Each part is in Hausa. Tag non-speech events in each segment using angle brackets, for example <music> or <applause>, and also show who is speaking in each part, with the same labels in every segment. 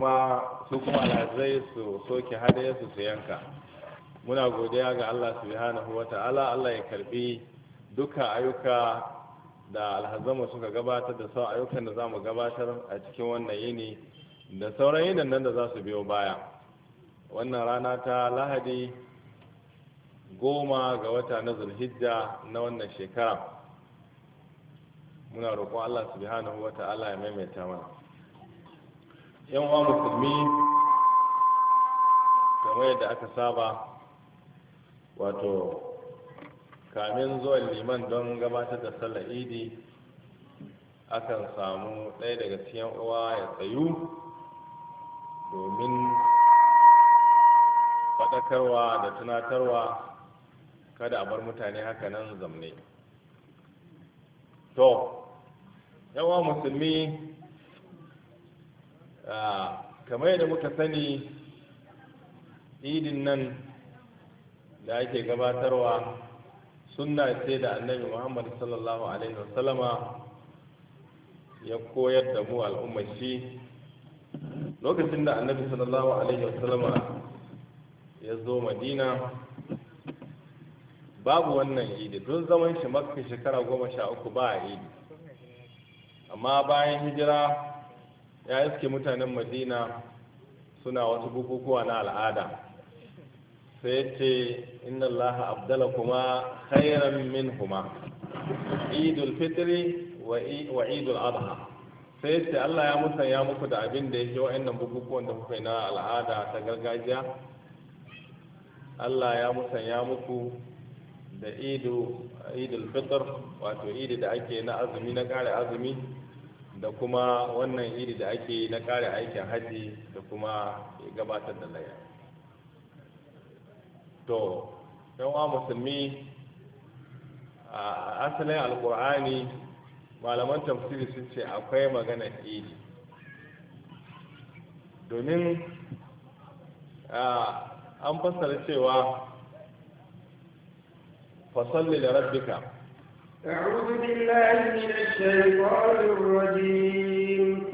Speaker 1: kuma su kuma lazai su soke hadaya su su yanka muna godiya ga Allah subhanahu wa ta'ala Allah ya karbi duka ayyuka da alhazamu suka gabatar da sau ayyukan da zamu gabatar a cikin wannan yini da sauran yinin nan da za su biyo baya wannan rana ta lahadi goma ga wata na zulhijja na wannan shekara muna roƙon Allah subhanahu wa ta'ala ya maimaita mana yan uwa musulmi kamar yadda aka saba wato kamin zuwan liman don gabatar da sallar idi akan samu ɗaya daga cikin uwa ya tsayu domin faɗakarwa da tunatarwa kada a bar mutane haka nan zamne to yawa musulmi kamar yadda muka sani idin nan da ake gabatarwa sunna ce da annabi muhammad sallallahu alaihi wasallama ya koyar da mu al'ummar shi lokacin da annabi sallallahu alaihi wasallama ya zo madina babu wannan idi tun zaman shi makka shekara goma sha uku ba a idi amma bayan hijira ya iske mutanen madina suna wasu bukukuwa na al'ada sai ce inna allaha abdala kuma khairan min huma idul fitri wa idul adha sai ce allah ya musanya muku da abin da yake wa'annan bukukuwan da kuka na al'ada ta gargajiya allah ya musanya muku da idul fitr wato idi da ake na azumi na kare azumi da kuma wannan iri da ake na kare aikin haji da kuma gabatar da laya to yan wa musulmi a asalin alkur'ani malaman tafsiri sun ce akwai magana iri domin an fassara cewa fasalli da rabbika
Speaker 2: أعوذ بالله من الشيطان الرجيم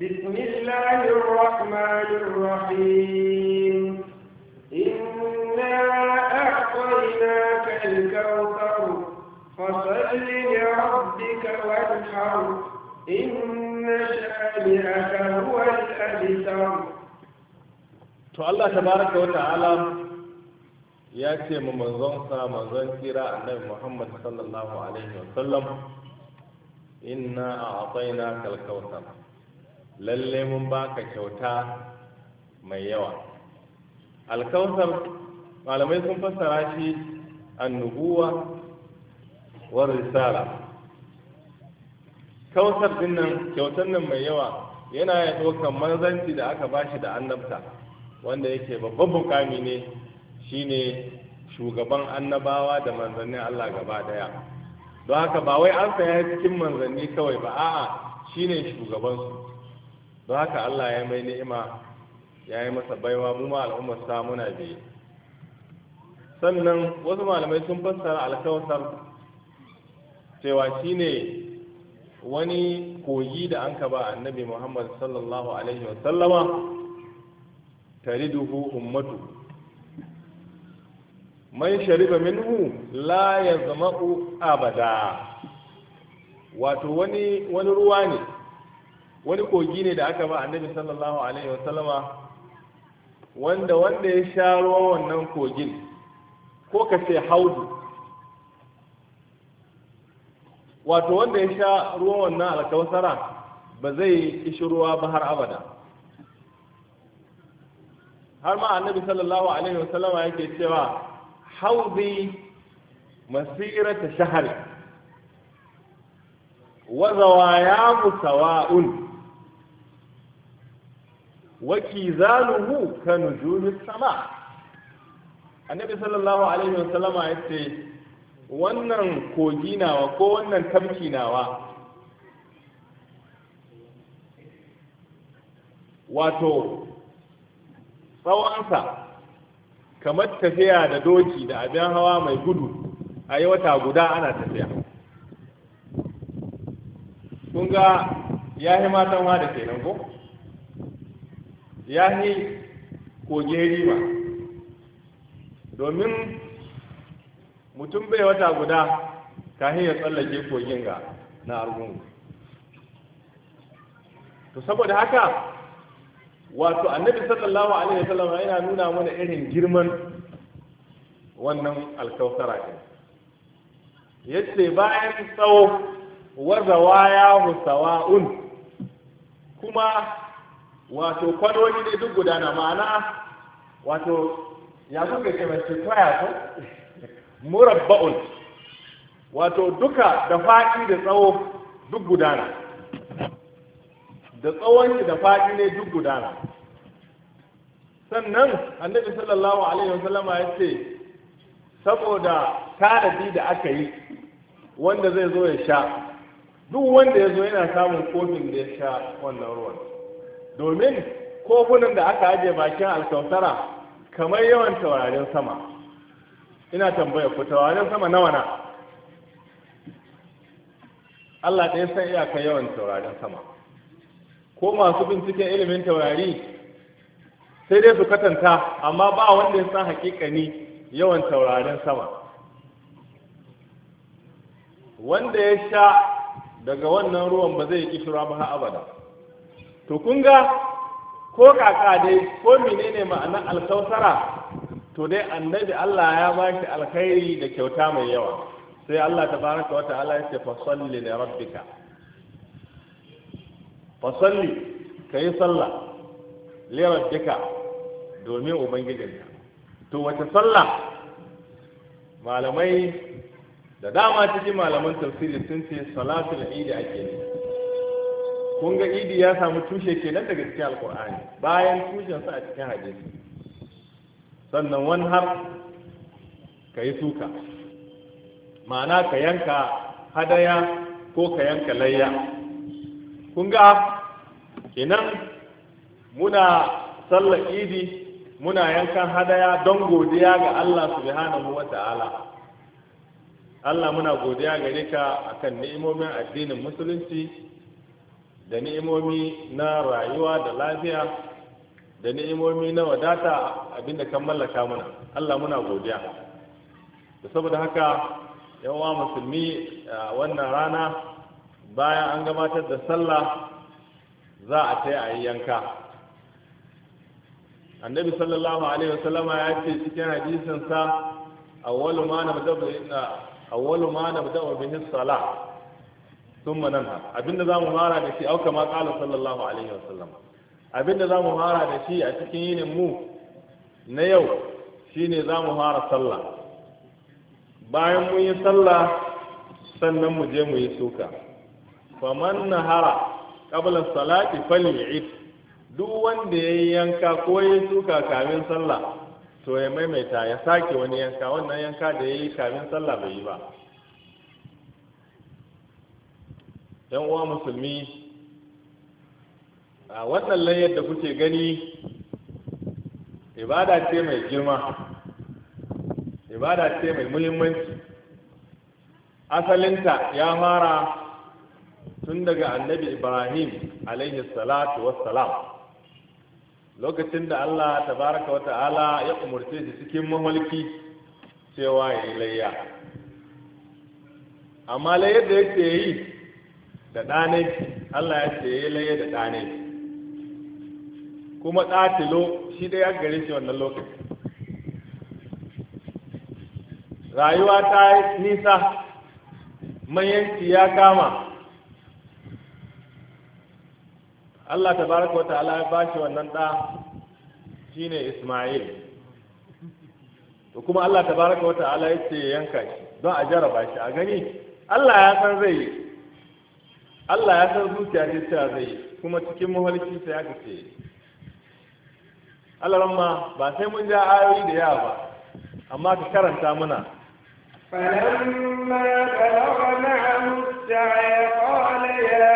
Speaker 2: بسم الله الرحمن الرحيم إنا أعطيناك الكوثر فصل لربك وانحر إن شانئك هو الأبتر
Speaker 1: تو الله تبارك وتعالى ya ce ma sa manzon kira annabi muhammad sallallahu alaihi wa sallam inna a atsaina kalkautar lalle mun baka kyauta mai yawa alkautar malamai sun fassara shi annubuwa wa risala kautar nan kyautar nan mai yawa yana ya ɗaukar manzanci da aka bashi da annabta wanda yake babban mukami ne shine shugaban annabawa da manzannin Allah gaba daya don haka ba wai an saya cikin manzanni kawai ba a'a shine shugaban su don haka Allah ya mai ni'ima ya yi masa baiwa mu ma al'ummar sa muna biye sannan wasu malamai sun fassara alkawasar cewa shine wani kogi da an ba annabi muhammad sallallahu alaihi wasallama tariduhu ummatu man shariba minhu la ya zama abada wato wani wani ruwa ne wani kogi ne da aka ba annabi sallallahu alaihi wasallama wanda wanda ya sha ruwan wannan kogin ko ka ce haudu wato wanda ya sha ruwan wannan alkawsara ba zai kishi ruwa ba har abada har ma annabi sallallahu alaihi wasallama yake cewa haudi masirata shahari wa zawayahu sawa'un wa kizaluhu ka nujumis sama annabi sallallahu alaihi ya ce wannan kogi nawa ko wannan tafki nawa wato tsawonsa kamar tafiya da doki da abin hawa mai gudu a yi wata guda ana tafiya kun ga ya yi matan da kenan ko ya yi koge Rima, domin mutum bai wata guda ta ya tsallake kogin ga na argungu to saboda haka wato annabi sallallahu alaihi wasallam yana nuna mana irin girman wannan alkausara ɗin yace bayan tsawo warzawa ya sawa'un kuma wato kwanoni ne duk gudana ma'ana wato ya kuka ce mace kwaya ko murabba'un wato duka da faɗi da tsawo duk gudana da tsawon da faɗi ne duk gudana sannan annabi sallallahu alaihi wasallama ya ce saboda tanadi da aka yi wanda zai zo ya sha duk wanda ya zo yana samun kofin da ya sha wannan ruwan domin kofunan da aka ajiye bakin alkautara kamar yawan taurarin sama ina tambaya ku taurarin sama nawa na Allah ɗaya san iyaka yawan taurarin sama ko masu binciken ilimin taurari sai dai su katanta amma ba wanda ya san hakikani yawan taurarin sama wanda ya sha daga wannan ruwan ba zai kishira ba abada to kun ga ko kaka dai ko menene ma'anar alkausara to dai annabi Allah ya ba shi alkhairi da kyauta mai yawa sai Allah tabaraka wa ta'ala ya ce fa salli li rabbika fasalli ka yi sallah lerar duka domin ubangijin to wace sallah malamai da dama cikin malaman tafsiri sun ce salatul idi ake ne kun ga idi ya samu tushe kenan daga cikin alkur'ani bayan tushensa a cikin hadisi sannan wani har ka yi suka ma'ana ka yanka hadaya ko ka yanka layya kun ga kenan muna sallar idi muna yankan hadaya don godiya ga Allah subhanahu wa ta'ala Allah muna godiya gare ka akan ni'imomin addinin musulunci da ni'imomi na rayuwa da lafiya da ni'imomi na wadata abinda kan mallaka muna Allah muna godiya da saboda haka yawa musulmi a wannan rana bayan an gabatar da sallah za a ta a yi yanka annabi sallallahu alaihi wasallama ya ce cikin hadisinsa awwalu ma nabda wa bihi sun thumma nanha abinda zamu fara da shi auka ma qala sallallahu alaihi wasallam abinda zamu fara da shi a cikin yinin mu na yau shine zamu fara sallah bayan mun yi sallah sannan mu je mu yi suka faman nahara qabla salati faly'id duk wanda ya yanka ko ya suka kamin sallah to ya maimaita ya sake wani yanka wannan yanka da yayi kamin sallah bai yi ba yan uwa musulmi a wannan layar da kuke gani ibada ce mai girma ibada ce mai muhimmanci asalinta ya fara tun daga annabi ibrahim alaihi salatu wassalam lokacin da allah tabaraka wa ta'ala ya umarce shi cikin mamalki cewa ya yi layya amma layyar da yake yi da ɗanai allah ya ce ya yi layya da ɗanai kuma ɗatilo shi ɗaya gare shi wannan lokaci rayuwa ta nisa mayanci ya kama Allah ta baraka wa ta'ala ya bashi wannan da shine Isma'il to kuma Allah ta baraka wa ta'ala ya ce yanka shi don a jaraba shi a gani Allah ya san zai yi Allah ya san zuciya ce ta zai yi kuma cikin mahalicci sai ya kace Allah ramma ba sai mun ja ayoyi da yawa ba amma ka karanta muna فلما
Speaker 2: بلغ معه السعي قال يا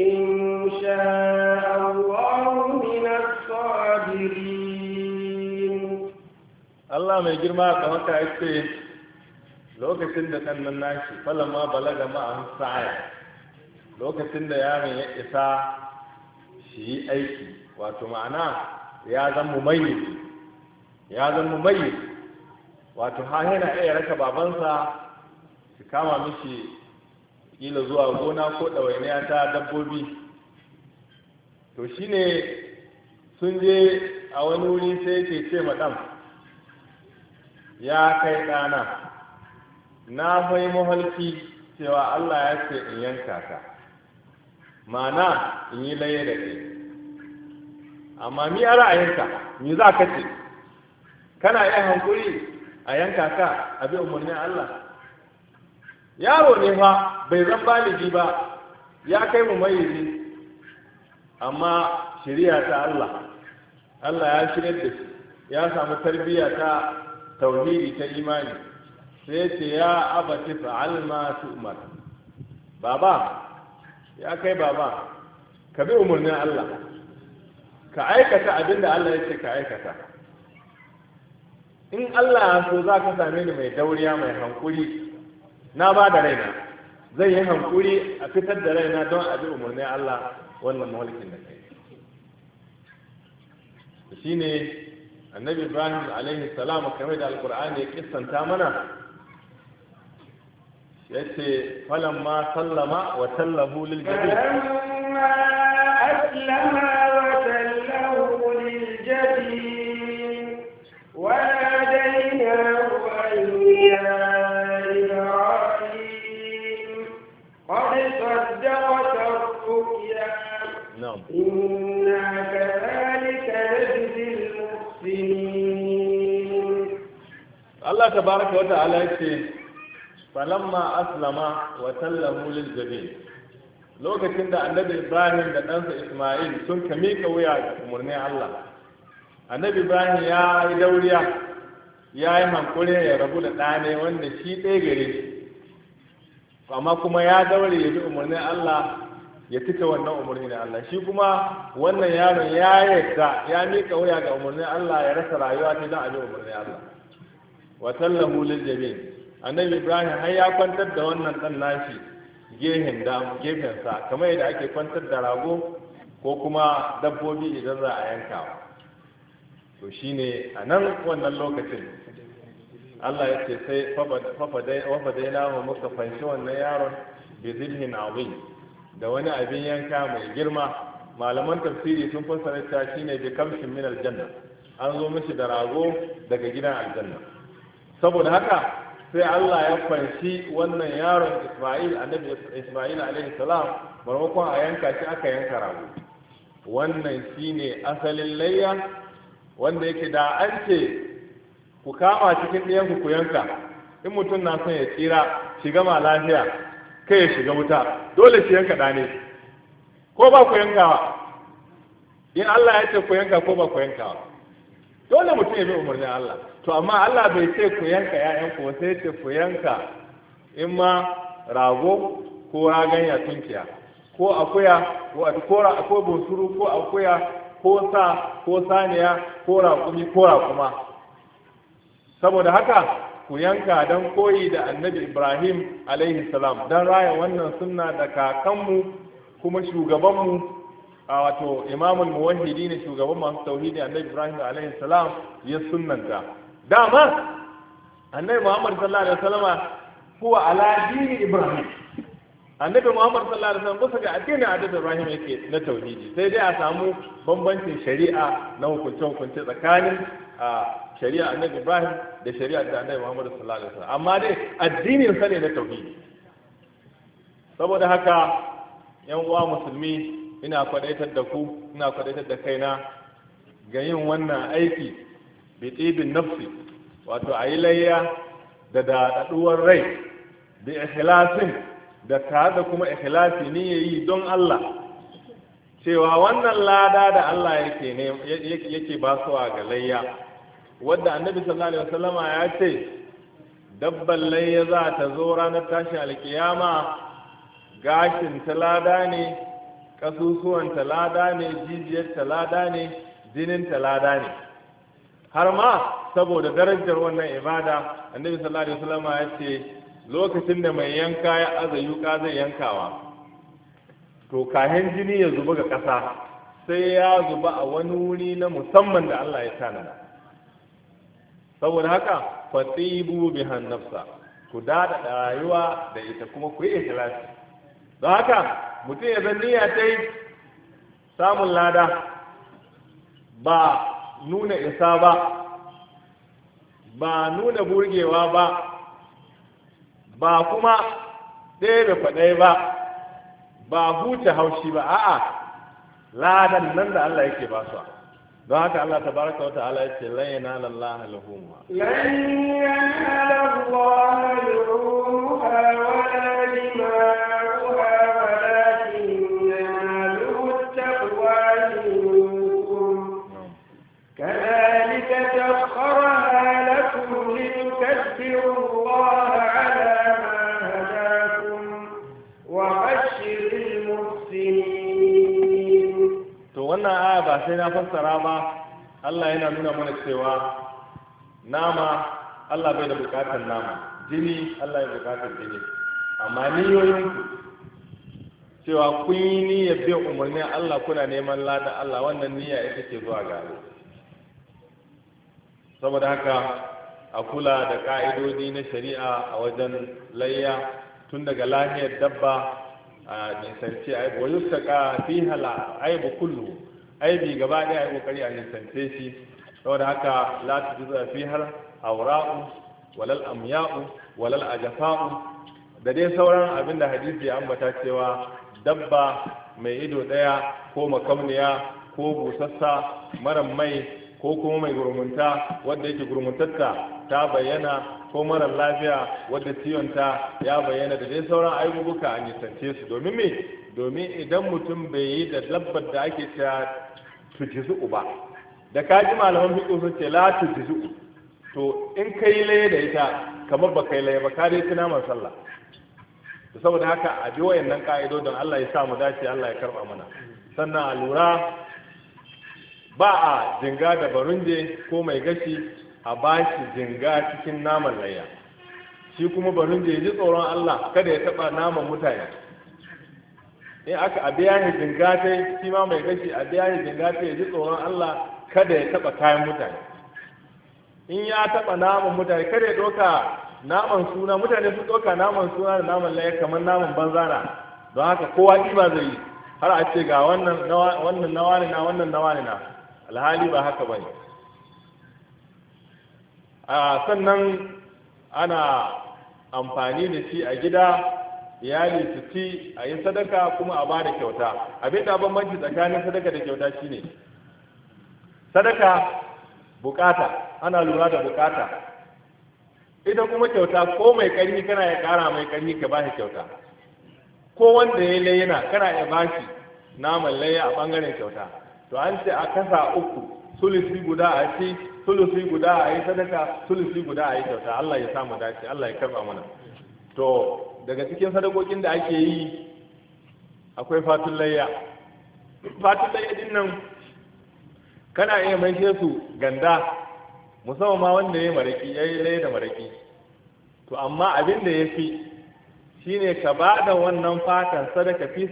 Speaker 2: إن شاء الله من الصابرين
Speaker 1: الله lokacin da kan nan nashi falama balaga ma'an sa'aya lokacin da yaron ya isa shi yi aiki wato ma'ana ya zan mai ya zan mai wato ha yana iya raka babansa su kama mishi kila zuwa gona ko ɗawainiya ta dabbobi to shine sun je a wani wuri sai yake ce maɗan ya kai ɗana na fai mahalki cewa allah ya ce in yanka ka mana in yi laye da ke amma mi a ra'ayinka mi za ka ce kana iya hankuri a yanka ka abin umarni umarnin allah yaro ne fa bai zan baligi ba ya kai mu mayizi amma shiriya ta Allah Allah ya shirya da shi ya samu tarbiyya ta tauhidi ta imani sai ce ya abati fa'al ma tu'mar baba ya kai baba ka bi umarnin Allah ka aikata abin da Allah ya ce ka aikata in Allah ya so za ka same ni mai dauriya mai hankuri na ba da raina zai yi hankuri a fitar da raina don a ji umarnin Allah wannan mulkin da kai shi ne annabi ibrahim alaihi salam kamar da alkur'ani ya kissanta mana ya ce falan ma sallama wa tallahu lil jabin tabaraka wa ta'ala yace falamma aslama wa sallamu lil jabin lokacin da annabi Ibrahim da ɗansa Ismail sun ka mika wuya ga umarnin Allah annabi Ibrahim ya yi dauriya ya yi hankuri ya rabu da ɗane wanda shi ɗaya gare shi amma kuma ya daure ya bi umarnin Allah ya cika wannan umarni da Allah shi kuma wannan yaron ya yarda ya mika wuya ga umarnin Allah ya rasa rayuwa ta don abin umarnin Allah wa tallahu lil jabin annabi ibrahim har ya kwantar da wannan dan nashi gefen sa kamar yadda ake kwantar da rago ko kuma dabbobi idan za a yanka to shine a nan wannan lokacin Allah ya ce sai wafadaina wa muka fanshi wannan yaron bi zilhin azim da wani abin yanka mai girma malaman tafsiri sun fassara ta ne bi kamshin min aljanna an zo mishi da rago daga gidan aljanna saboda haka sai Allah ya fanshi wannan yaron Isma'il annabi Isma'il alaihi salam maimakon a yanka shi aka yanka rago wannan shine asalin layya wanda yake da an ce ku kama cikin ɗayan ku yanka in mutum na son ya tsira shiga ma lafiya kai ya shiga wuta dole shi yanka ɗane ko ba ku yankawa in Allah ya ce ku yanka ko ba ku yankawa dole mutum ya bi umarnin Allah to amma Allah bai ce ku yanka ƴaƴan ku sai ce ku yanka in ma rago ko ya tunkiya ko akuya ko ko bunsuru ko akuya ko sa ko saniya ko raƙumi ko raƙuma saboda haka ku yanka don koyi da annabi ibrahim alaihi salam don raya wannan sunna da kakanmu kuma shugabanmu a wato imamul muwahhidi ne shugaban masu tauhidi annabi ibrahim alaihi salam ya sunnanta dama annabi muhammad sallallahu alaihi wasallam huwa ala dini ibrahim annabi muhammad sallallahu alaihi wasallam kusa ga addinin annabi ibrahim yake na tauhidi sai dai a samu bambancin shari'a na hukunce hukunce tsakanin shari'a annabi ibrahim da shari'a da annabi muhammad sallallahu alaihi wasallam amma dai addinin sa ne na tauhidi saboda haka yan uwa musulmi ina kwadaitar da ku ina kwadaitar da kaina ga yin wannan aiki bi tibin nafsi wato ayi layya da daɗaɗuwar rai bi ikhlasin da tare da kuma ikhlasi ne yayi don Allah cewa wannan lada da Allah yake ne yake ba su ga layya wadda annabi sallallahu alaihi wasallama ya ce dabban layya za ta zo ranar Tashi alkiyama gashin ta lada ne ƙasusuwan talada ne jijiyar talada ne jinin talada ne har ma saboda darajar wannan ibada annabi sallallahu alaihi wasallam ya ce lokacin da mai yanka ya azayu ka zai yankawa to kahin jini ya zuba ga ƙasa sai ya zuba a wani wuri na musamman da Allah ya tanada saboda haka fatibu bihan nafsa ku dada rayuwa da ita kuma ku yi ikhlasi don haka mutum ya zan ya ta samun lada ba nuna isa ba ba nuna burgewa ba ba kuma ɗaya da faɗai ba ba huce haushi ba a'a ladan nan da Allah yake ba su don haka Allah ta baraka wa ta'ala ya ce lan yanala Allah lahum lan
Speaker 2: yanala Allah
Speaker 1: sai na fassara ba Allah yana nuna mana cewa nama Allah bai da bukatar nama jini Allah ya bukatar jini amma niyoyinku cewa kun yi niyyar bin umarnin Allah kuna neman lada Allah wannan niyya ita ke zuwa ga saboda haka a kula da ka'idodi na shari'a a wajen layya tun daga lahiyar dabba a nisanci aibu wajen saka fi hala aibu kullu aibi gaba ɗaya ya kokari a nisance shi saboda haka la ta fi har aura'u walal amya'u walal ajafa'u da dai sauran abinda hadisi ya ambata cewa dabba mai ido ɗaya ko makamniya ko busassa mara mai ko kuma mai gurmunta wadda yake gurmuntatta ta bayyana ko marar lafiya wadda ciwonta ya bayyana da dai sauran abubuwa a nisance su domin me domin idan mutum bai yi da labbar da ake cewa tujzu'u ba da ka ji malaman fiqh sun ce la tujzu'u to in ka yi laye da ita kamar ba kai laye ba ka dai tuna man sallah saboda haka a bi wayannan ka'idodin Allah ya sa mu dace Allah ya karba mana sannan a lura ba a jinga da barunje ko mai gashi a bashi jinga cikin naman layya shi kuma barunje ya ji tsoron Allah kada ya taba naman mutane in aka a biya ni zingatai shi ma mai gashi a biya ni zingatai ya ji tsoron Allah kada ya taba kayan mutane in ya taba naman mutane kada ya doka naman suna mutane sun doka naman suna da naman laye kamar naman banza na don haka kowa ɗiba zai yi har a ce ga wannan wannan nawa ne na wannan nawa ne na alhali ba haka ba a sannan ana amfani da shi a gida iyali su ci a yi sadaka kuma a bada kyauta abin da manci tsakanin sadaka da kyauta shine sadaka bukata ana lura da bukata idan kuma kyauta ko mai karni kana ya kara mai karni ka shi kyauta ko wanda ya layina kana ya bashi naman layya a bangaren kyauta to an ce a kasa uku sulusi guda a ci sulusi guda a yi sadaka sulusi guda a yi kyauta Allah ya samu dace Allah ya karba mana to daga cikin sadakokin da ake yi akwai fatun layya fatun layya din nan kana iya mai su ganda musamman ma wanda ya yi maraki ya yi laye da maraki to amma abin da ya fi shi ne ka ba da wannan fatan sadaka fi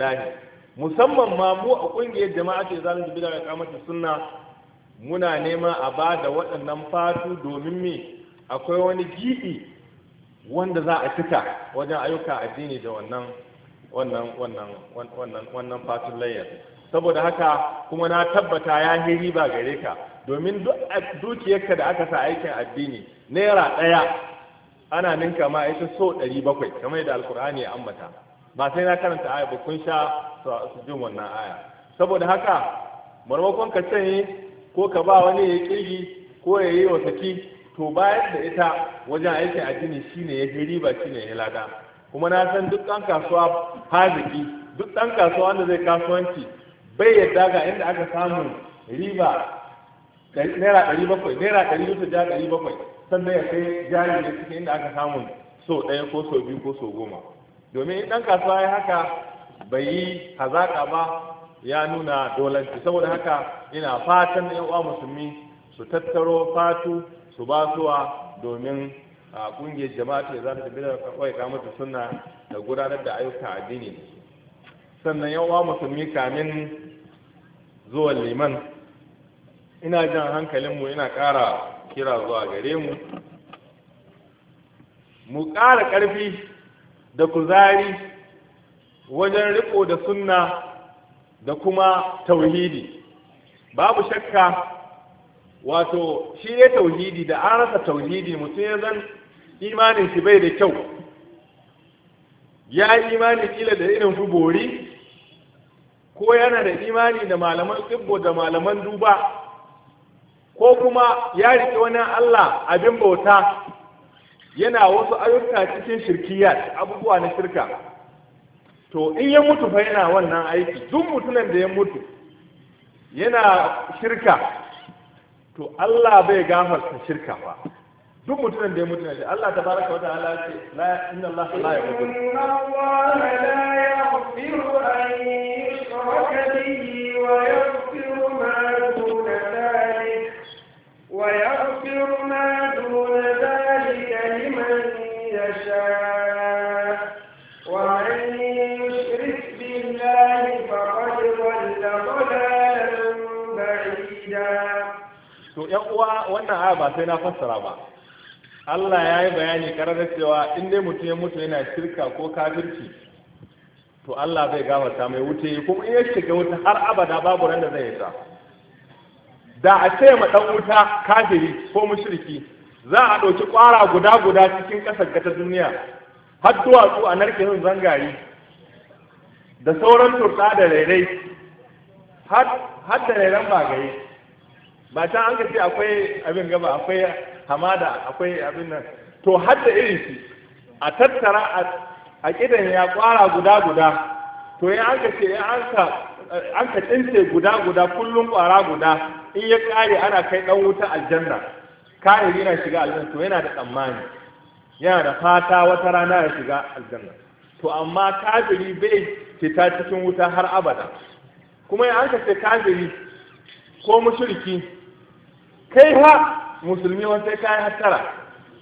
Speaker 1: lahi musamman ma mu a ƙungiyar jama'a ce za su bi daga kamata suna muna nema a ba da waɗannan fatu domin me akwai wani giɗi. wanda za a fita wajen ayyuka addini da wannan wannan wannan wannan wannan layar saboda haka kuma na tabbata ya yi riba gare ka domin dukiyarka da aka sa aikin addini naira ɗaya ana ninka ma ita so ɗari bakwai kamar yadda alkur'ani ya ambata ba sai na karanta aya ba kun sha su jin wannan aya saboda haka marmakon ka sanye ko ka ba wani ya kirgi ko ya yi wa saki to bayan da ita wajen aiki jini shi shine ya fi riba shine ya lada kuma na san duk ɗan kasuwa haziki duk ɗan kasuwa wanda zai kasuwanci bai yadda ga inda aka samu riba naira ɗari bakwai naira ɗari yuta ja ɗari bakwai sannan ya kai jari ne cikin inda aka samu so ɗaya ko so biyu ko so goma domin ɗan kasuwa ya haka bai yi hazaƙa ba ya nuna dolanci saboda haka ina fatan 'yan uwa musulmi su tattaro fatu su ba suwa domin a kungiyar jama'a ce za ta tafi da kawai kamata suna da gudanar da ayyuka addini sannan yawa musulmi kamin zuwa liman ina jan hankalinmu ina ƙara kira zuwa gare mu mu ƙara ƙarfi da kuzari wajen riko da sunna da kuma tauhidi babu shakka wato shi ne tauhidi da an rasa tauhidi mutum ya zan imanin shi bai da kyau ya yi imani kila da irin su bori ko yana da imani da malaman tsibbo da malaman duba ko kuma ya riƙe wani allah abin bauta yana wasu ayyuka cikin shirkiyar abubuwa na shirka to in ya mutu fa yana wannan aiki duk mutumin da ya mutu yana shirka to Allah bai gafarta shirka ba duk mutumin da ya mutu ne Allah ta baraka wa ta'ala ce la inna Allah la yaghfiru inna Allah la yaghfiru an yushraka bihi wa uwa wannan aya ba sai na fassara ba Allah ya yi bayani karar cewa in dai mutum ya mutu yana shirka ko kafirci to Allah zai gafarta mai wuce kuma in ya shiga wuta har abada babu ran da zai yi da a ce ma dan wuta kafiri ko mushriki za a ɗauki ƙwara guda guda cikin ƙasar ta duniya har duwatsu a narke sun zangari da sauran turta da rairai har da rairan bagaye ba ta an ka ce akwai abin gaba akwai hamada akwai abin nan to da irin shi a tattara a kidan ya kwara guda guda to ya an ka ce ya an ka an ka tsince guda guda kullum kwara guda in ya kare ana kai dan wuta aljanna kare yana shiga aljanna to yana da tsammani yana da fata wata rana ya shiga aljanna to amma kafiri bai fita cikin wuta har abada kuma ya an ka ce kafiri ko mushriki kai ha musulmi wani sai kayan hattara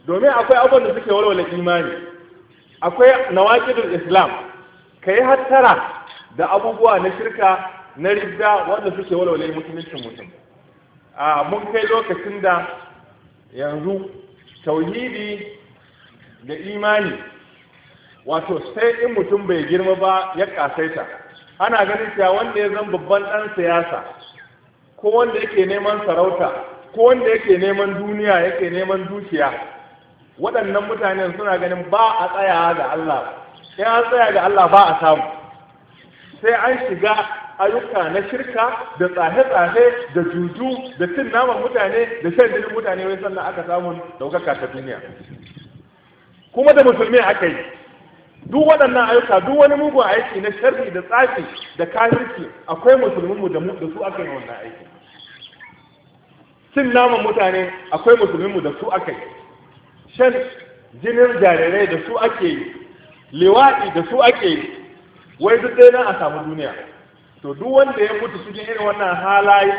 Speaker 1: domin akwai abin da suke walwala imani akwai nawaqidul islam kai hattara da abubuwa na shirka na ridda wanda suke walwala mutuncin mutum a mun kai lokacin da yanzu tauhidi da imani wato sai in mutum bai girma ba ya kasaita ana ganin cewa wanda ya zan babban dan siyasa ko wanda yake neman sarauta ko wanda yake neman duniya yake neman dukiya waɗannan mutanen suna ganin ba a tsaya ga Allah sai an tsaya ga Allah ba a samu sai an shiga ayyuka na shirka da tsahe-tsahe da juju da cin naman mutane da shan jinin mutane wai sannan aka samu ɗaukaka ta duniya kuma da musulmi aka yi duk waɗannan ayyuka duk wani mugun aiki na sharri da tsafi da kafirci akwai musulminmu da su aka yi wannan aiki cin naman mutane akwai musulminmu da su aka yi shan jinin jarirai da su ake yi liwaɗi da su ake yi wai duk dai nan a samu duniya to duk wanda ya mutu cikin irin wannan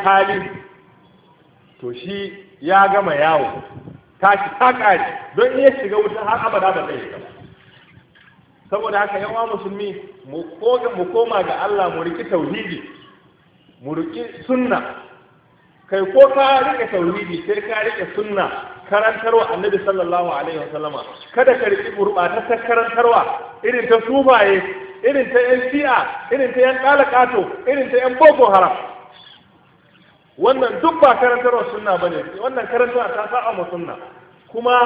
Speaker 1: hali to shi ya gama yawo tashi ta kare don iya shiga wuta har abada ba zai saboda haka yawa musulmi mu koma ga Allah mu riki tauhidi mu riki sunna kai ko ka rike tauhidi sai ka rike sunna karantarwa annabi sallallahu alaihi wasallama kada ka rike gurbatattar karantarwa irin ta sufaye irin ta yan shi'a irin ta yan dalakato irin ta yan boko haram wannan duk ba karantarwa sunna bane wannan karantarwa ta sa'a mu sunna kuma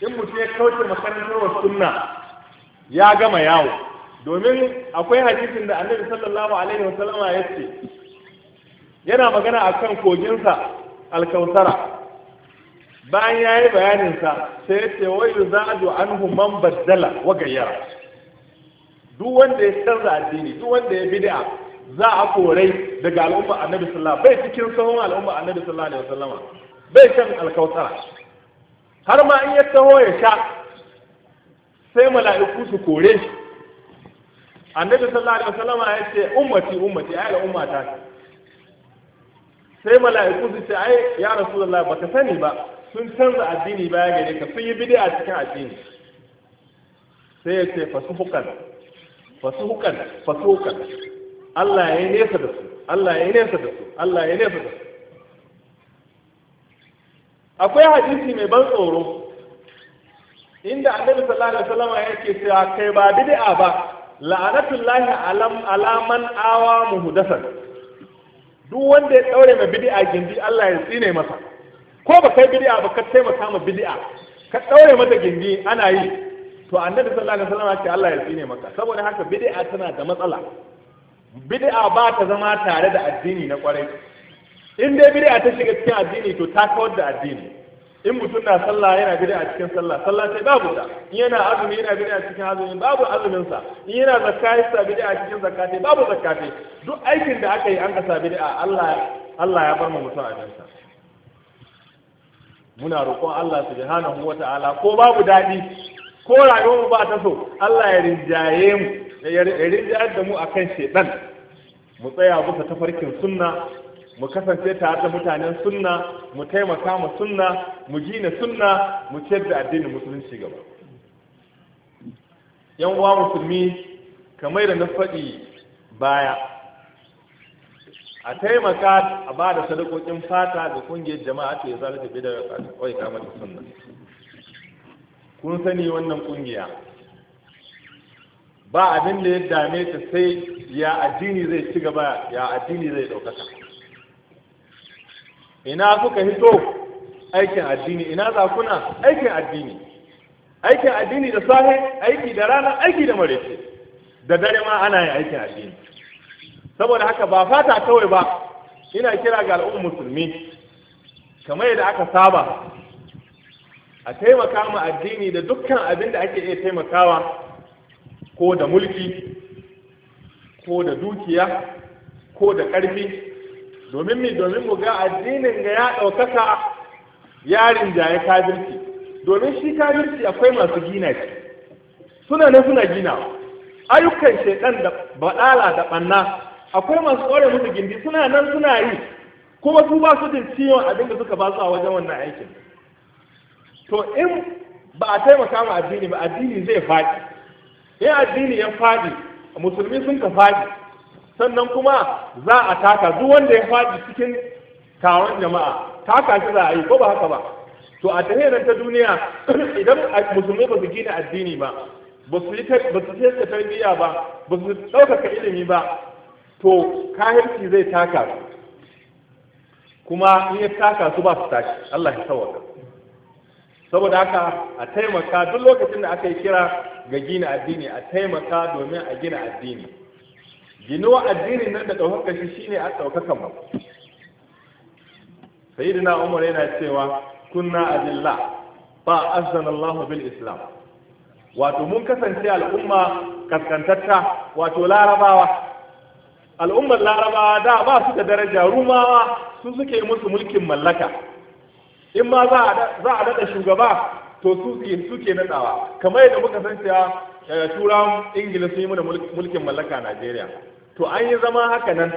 Speaker 1: in mutum ya kauce makarantarwa sunna ya gama yawo domin akwai hadisin da annabi sallallahu alaihi wasallama ya ce yana magana a kan koginsa alkausara bayan ya yi bayaninsa sai ya ce wai za a zo an man bazzala wa gayyara duk wanda ya canza addini duk wanda ya bid'a za a korai daga al'umma annabi sallallahu bai cikin sahun al'umma annabi sallallahu alaihi wasallam bai kan alkautara har ma in ya taho ya sha sai mala'iku su kore shi annabi sallallahu alaihi wasallam ya ce ummati ummati ayyala ummata sai mala'iku su ce ai ya rasulullah ka sani ba sun canza addini baya gare ka sun yi a cikin addini sai ya ce fasuhukan fasuhukan fasuhukan Allah ya nesa da su Allah ya nesa da su Allah ya nesa da su akwai hadisi mai ban tsoro inda annabi sallallahu alaihi wasallam yake cewa kai ba bid'a ba la'anatullahi alam alaman awa muhdasan duk wanda ya daure ma bidi'a gindi Allah ya tsine masa ko ba kai bid'a ba ka taimaka ma bid'a ka daure mata gindi ana yi to annabi sallallahu alaihi wasallam ce Allah ya tsine maka saboda haka bid'a tana da matsala bid'a ba ta zama tare da addini na kwarai in dai bid'a ta shiga cikin addini to ta kawar da addini in mutum na sallah yana bid'a a cikin sallah sallah sai babu ta in yana azumi yana bid'a a cikin azumi babu azumin sa in yana zakati sa bid'a a cikin zakati babu zakati duk aikin da aka yi an kasa bid'a Allah Allah ya bar mu mutum a jinsa muna roƙon Allah subhanahu wata'ala ko babu daɗi ko rayuwar mu ba ta so Allah ya rinjaye mu ya rinjaye da mu akan shedan mu tsaya bisa tafarkin sunna mu kasance tare da mutanen sunna mu taimaka mu sunna mu gina sunna mu ciyar da addinin musulunci gaba yan uwa musulmi kamar da na faɗi baya a taimaka a ba da sadakokin fata ga kungiyar jama'a ta yi zalata bai da kawai kamar sunna kun sani wannan kungiya ba abin da ya dame ta sai ya addini zai ci gaba ya addini zai ɗaukaka ina kuka hito aikin addini ina za kuna aikin addini aikin addini da safe aiki da rana aiki da marece da dare ma ana yin aikin addini saboda haka ba fata kawai ba ina kira ga al'ummar musulmi kamar yadda aka saba a taimaka ma addini da dukkan abin da ake iya taimakawa ko da mulki ko da dukiya ko da ƙarfi domin mi domin mu ga addinin ga ya ɗaukaka yarin da ya kafirci domin shi kafirci akwai masu gina shi suna ne suna gina ayyukan shaidan da baɗala da ɓanna akwai masu ƙware musu gindi suna nan suna yi kuma su ba su jin ciwon abin da suka ba su a wajen wannan aikin to in ba a taimaka ma addini ba addini zai faɗi in addini ya faɗi musulmi sun ka faɗi sannan kuma za a taka duk wanda ya faɗi cikin taron jama'a taka shi za a yi ko ba haka ba to a tahirar ta duniya <clears throat> idan musulmai ba su gina addini ba ba su yi ba su tarbiyya ba ba su ɗaukaka ilimi ba to kahirci zai taka su kuma in ya taka su ba su tashi Allah ya tawaka saboda haka a taimaka duk lokacin da aka yi kira ga gina addini a taimaka domin a gina addini ginuwa addinin nan da ɗaukaka shi shine a ɗaukaka mu sayyidina umar yana cewa kunna adilla ba azana Allah bil islam wato mun kasance al'umma kaskantatta wato larabawa al'ummar larabawa da ba su da daraja rumawa su suke musu mulkin mallaka in ma za a daɗa shugaba to su suke naɗawa kamar yadda muka san cewa eh, turawan ingila sun yi mana mulkin mallaka a najeriya to an yi zama haka nan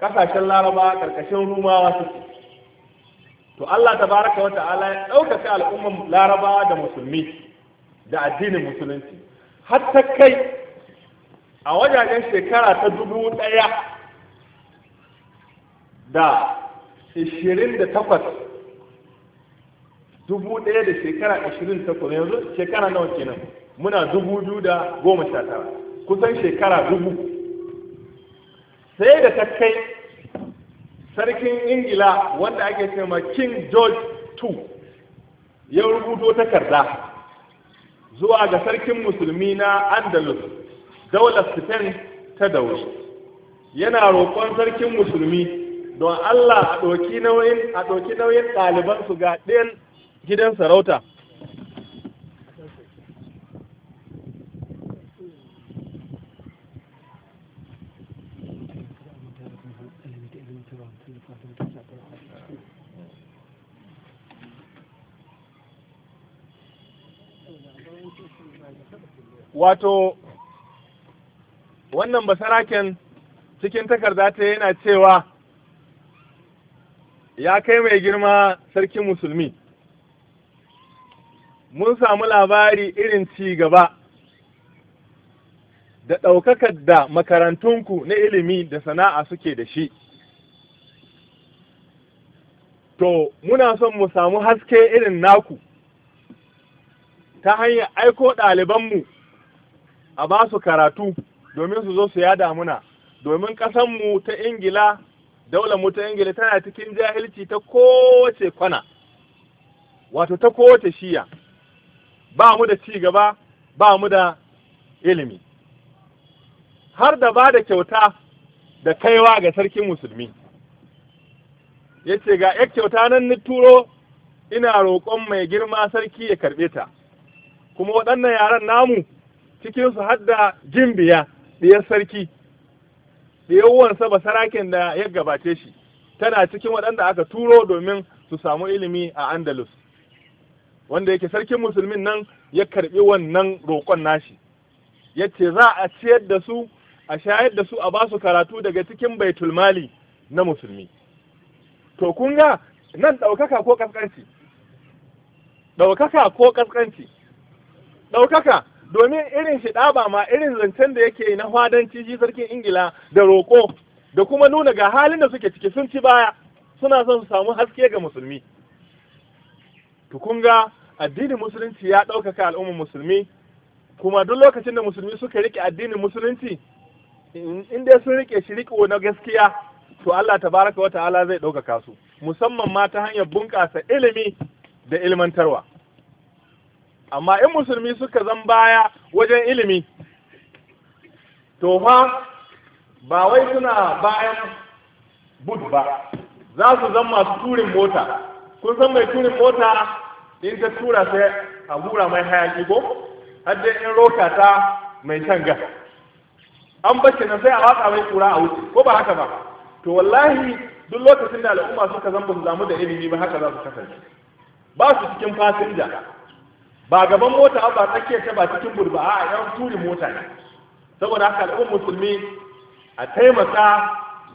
Speaker 1: kasashen laraba karkashin rumawa suke to Allah Ta baraka wa ta'ala ya ɗaukaka al'umman laraba da musulmi da addinin musulunci har ta kai a wajajen shekara ta dubu ɗaya da ishirin da takwas dubu ɗaya da shekara ashirin takwas yanzu shekara nawa kenan muna dubu biyu da goma sha tara kusan shekara dubu sai da ta kai sarkin ingila wanda ake cewa king george II ya rubuto takarda zuwa ga sarkin musulmi na andalus daular spain ta daure yana roƙon sarkin musulmi don allah a ɗauki nauyin ɗaliban su ga ɗayan gidan sarauta wato wannan basaraken cikin takarda ta yana cewa ya kai mai girma sarkin musulmi mun samu labari irin ci gaba da ɗaukaka da makarantunku na ilimi da sana'a suke da shi to muna son mu samu haske irin naku ta hanyar aiko ɗalibanmu a ba su karatu domin su zo su yada muna domin ƙasanmu ta ingila daularmu ta ingila tana cikin jahilci ta kowace kwana wato ta kowace shiya ba mu da ci gaba ba mu da ilimi har da ba da kyauta da kaiwa ga sarkin musulmi ya ce ga ‘yar kyauta nan ni turo ina roƙon mai girma sarki ya karɓe ta kuma waɗannan yaren namu cikinsu har da jimbiya ɗiyar sarki ɗiyar wansa ba sarakin da ya gabace shi tana cikin waɗanda aka turo domin su samu ilimi a andalus wanda yake sarkin musulmin nan ya karɓi wannan roƙon nashi ya ce za a ciyar da su a shayar da su a ba su karatu daga cikin baitulmali na musulmi to kun ga nan ɗaukaka ko ƙasƙanci ɗaukaka ko ƙasƙanci ɗaukaka domin irin shi ma irin zancen da yake na fadanci shi sarkin ingila da roƙo da kuma nuna ga halin da suke ciki sun ci baya suna son su samu haske ga musulmi tukunga addinin musulunci ya ɗaukaka al'ummar musulmi kuma duk lokacin da musulmi suka rike addinin musulunci in dai sun rike shi riƙo na gaskiya to Allah tabaraka wa ta'ala zai ɗaukaka su musamman ma ta hanyar bunƙasa ilimi da ilmantarwa amma in musulmi suka zan baya wajen ilimi to fa ba wai suna bayan bud ba za su zan masu turin mota kun san mai turin mota in ta tura sai a hura mai hayaki ko har in roka ta mai canga an bace na sai a watsa mai kura a wuce ko ba haka ba to wallahi duk lokacin da al'umma suka zan ba su da ilimi ba haka za su kasance ba su cikin fasinja ba gaban mota ba ke ta ba cikin burba a yan turi mota ne saboda haka al'ummar musulmi a taimaka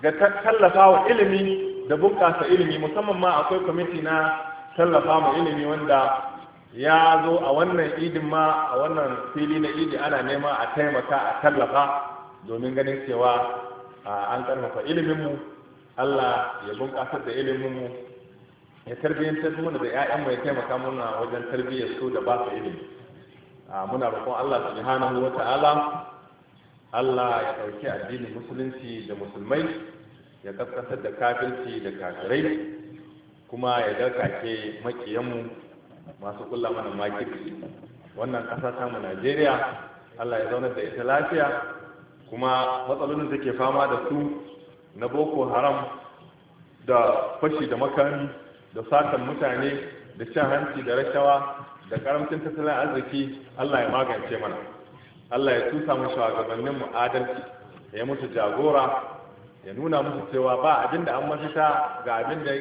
Speaker 1: ga tallafa wa ilimi da bunƙasa ilimi musamman ma akwai kwamiti na tallafa ma ilimi wanda ya zo a wannan idin ma a wannan fili na idi ana nema a taimaka a tallafa domin ganin cewa an karfafa mu. allah ya bunƙasar da ilimin mu. ya tarbiyyantar mana da 'ya'yanmu ya taimaka mana wajen tarbiyyar su da ba su ilimi muna roƙon Allah subhanahu wa ta'ala Allah ya ɗauki addinin musulunci da musulmai ya kaskantar da kafirci da kafirai kuma ya ke makiyanmu masu kulla mana makirci wannan ƙasa ta mu Najeriya Allah ya zaunar da ita lafiya kuma matsalolin da ke fama da su na boko haram da fashi da makami da satan mutane da cin hanci da rashawa da karamcin tattalin arziki Allah ya magance mana Allah ya tusa mu shugabannin mu adalci ya musu jagora ya nuna musu cewa ba abinda an mafita ga abinda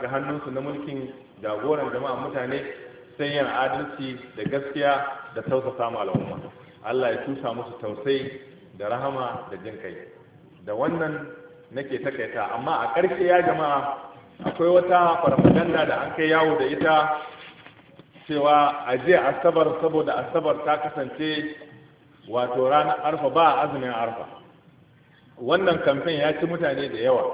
Speaker 1: ga hannunsu na mulkin jagoran jama'a mutane sai yin adalci da gaskiya da tausasa mu al'umma Allah ya tusa musu tausayi da rahama da jin kai da wannan nake takaita amma a ƙarshe ya jama'a akwai wata farfaganda da an kai yawo da ita cewa a jiya asabar saboda asabar ta kasance wato ranar arfa ba azumin arfa wannan kamfen ya ci mutane da yawa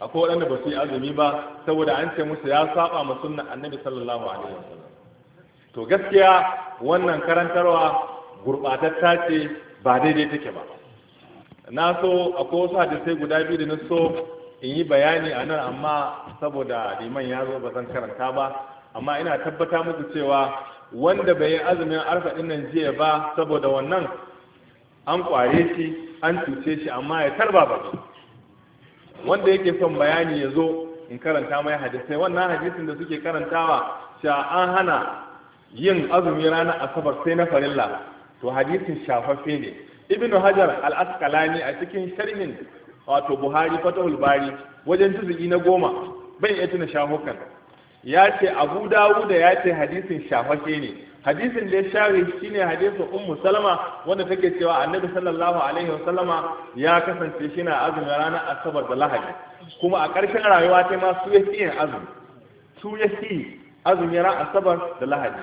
Speaker 1: akwai waɗanda ba su yi azumi ba saboda an ce musu ya saba ma sunan, annabi sallallahu alaihi wasallam to gaskiya wannan karantarwa gurɓatatta ce ba daidai take ba na so akwai wasu hadisai guda biyu da na so in yi bayani a nan amma saboda liman ya zo ba zan karanta ba amma ina tabbata muku cewa wanda bai yi azumin arfa din nan jiya ba saboda wannan an kware shi an cuce shi amma ya tarba ba wanda yake son bayani ya zo in karanta mai hadisai wannan hadisin da suke karantawa sha an hana yin azumi ranar asabar sai na farilla to hadisin shafaffe ne ibnu hajar al-asqalani a cikin sharhin wato buhari fatahul bari wajen tuzuki na goma bai iya tuna shahukan ya ce abu dawuda ya ce hadisin shafake ne hadisin da ya share shi ne hadisin ummu salama wanda take cewa annabi sallallahu alaihi wasallama ya kasance shi na azumin ranar asabar da lahadi kuma a ƙarshen rayuwa ta ma su ya yin azumi su ya azumin ranar asabar da lahadi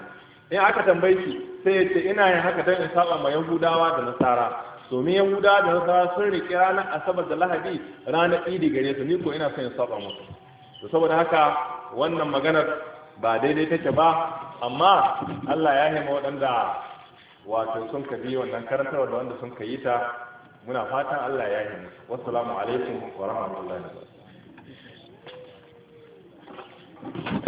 Speaker 1: in aka tambaye shi sai ya ce ina yin haka don in saba ma yahudawa da nasara domin yahuda da nasara sun riƙe ranar asabar da lahadi ranar idi gare su ni ko ina son saba musu to saboda haka wannan maganar ba daidai take ba amma Allah ya hima waɗanda wato sun ka bi wannan karantarwa da wanda sun ka yi ta muna fatan Allah ya hima wassalamu alaikum wa rahmatullahi wa barakatuh